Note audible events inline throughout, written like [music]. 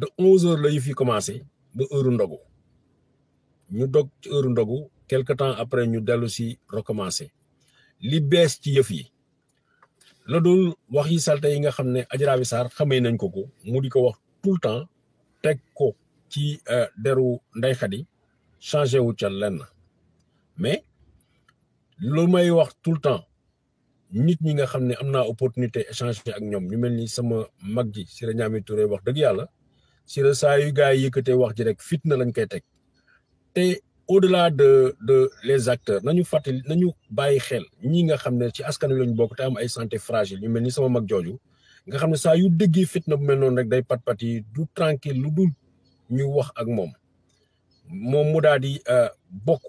de onze heures la yëf yi commencé ba heure ndogu ñu dog ci heure ndogu quelque temps après ñu dellu si recommencé li bees ci yëf yi la dul wax yi salte yi nga xam ne Adji Raby Sarr xamee nañ ko ko mu di ko wax tout le temps teg ko ci euh, deru Ndeye Khady changé wu ca lenn mais lu may wax tout le temps nit ñi nga xam ne am naa opportunité échanger ak ñoom ñu mel ni sama mag ji Siré Ndiamé Touré wax dëgg yàlla si la saa yu gars yi yëkkatee wax ji rek fitna lañ koy teg te au de la de de les acteurs nañu fàttali nañu bàyyi xel ñi nga xam ne ci askan wi lañ bokk te am ay santé fragile ñu mel ni sama mag jooju nga xam ne saa yu déggee fitna bu mel noonu rek day pat pat du tranquille lu dul ñu wax ak moom moom mu daal di euh, bokk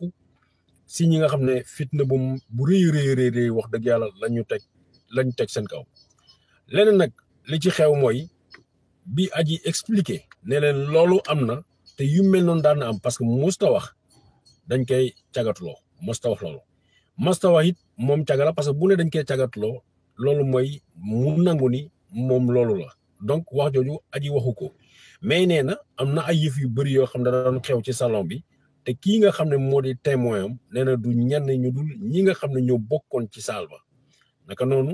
si ñi nga xam ne fitna bu bu rëy rëy rëy wax dëgg yàlla lañ ñu teg lañ teg seen kaw leneen nag li ci xew mooy bi aji expliqué. ne leen loolu am na te yu mel noonu daan na am parce que musta wax dañ koy cagatuloo musta wax loolu musta wax it moom cagala parce que bu ne dañ koy cagatuloo loolu mooy mu nangu ni moom loolu la donc wax jooju aji waxu ko mais nee na am na ay yëf yu bëri yoo xam ne da doon xew ci salon bi te kii nga xam ne moo di témoin nee na du ñenn ñu dul ñi nga xam ne ñoo bokkoon ci saal ba naka noonu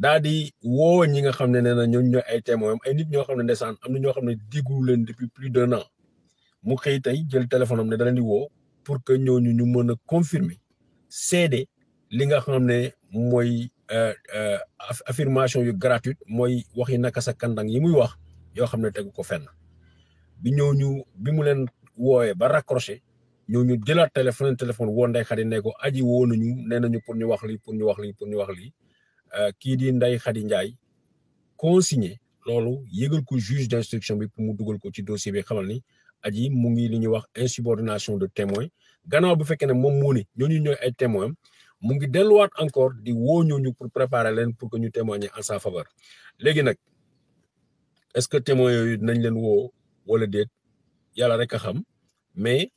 daal di woo ñi nga xam ne nee na ñoom ñooy ay témoin ay nit ñoo xam ne ndeysaan am na ñoo xam ne déglu leen depuis plus d'un an mu xëy tey jël téléphone ne da leen di woo pour que ñooñu ñu mën a confirmer seede li nga xam ne mooy euh, euh, affirmation yu gratuite mooy wax yi naka sa kandang yi muy wax yoo xam ne tegu ko fenn bi ñooñu bi mu leen woowee ba raccroché ñooñu jëlaat téléphone téléphone wo Ndeye Khady ne ko aji woo nañu nee nañu pour ñu wax lii pour ñu wax lii pour ñu wax lii. Euh, kii di Ndeye Khady Ndiaye consigné loolu yëgal ko juge d'instruction bi pour mu dugal ko ci dossier bi xamal ni aji mu ngi li wax insubordination de témoin ganaw bu fekkene mom mo ni ne ñoy ay témoin mu ngi deluat encore di woo ñu pour préparer len pour que ñu témoigner en sa faveur légui nak est ce que témoins yooyu nañ len wo wala det yalla rek xam mais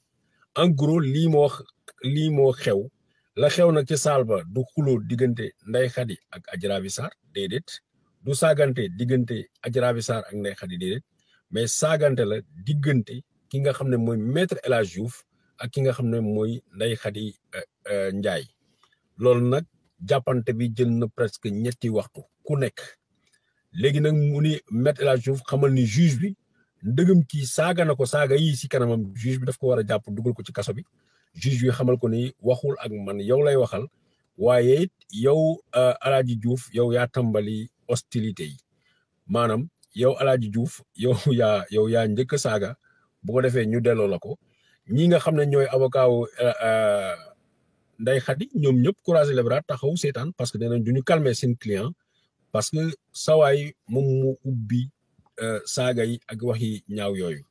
en gros mo wax li mo xew la xew nag ci saal ba du xuloo diggante Ndeye Khady ak Adji Raby Sarr déedéet du saagante diggante Adji ak Ndeye Khady déedéet mais saagante la diggante ki nga xam ne mooy maître El Hadj Diouf ak ki nga xam ne mooy Ndeye Khady euh, euh, njaay loolu nag jàppante bi jën na presque ñetti waxtu ku nekk léegi nag mu ni maître El Hadj Diouf xamal ni juge bi ndëgëm ki saaga na ko saaga yi si kanamam juge bi daf ko war a jàpp dugal ko ci kaso bi juge bi xamal ko ni waxul ak man yow lay waxal waaye it yow euh, Alaaji Diouf yow yaa tàmbali hostilité yi maanaam yow Alaaji Diouf yow [laughs] yaa yow yaa njëkk saaga bu ko defee ñu delloo la ko ñi nga xam ne ñooy avocat wu euh, euh, Ndeye Khady ñoom ñëpp courage les bras taxaw seetaan parce que nee nañ du ñu calmer seen client parce que sawaay mom mu ubbi saaga yi ak waxi ñaaw yooyu.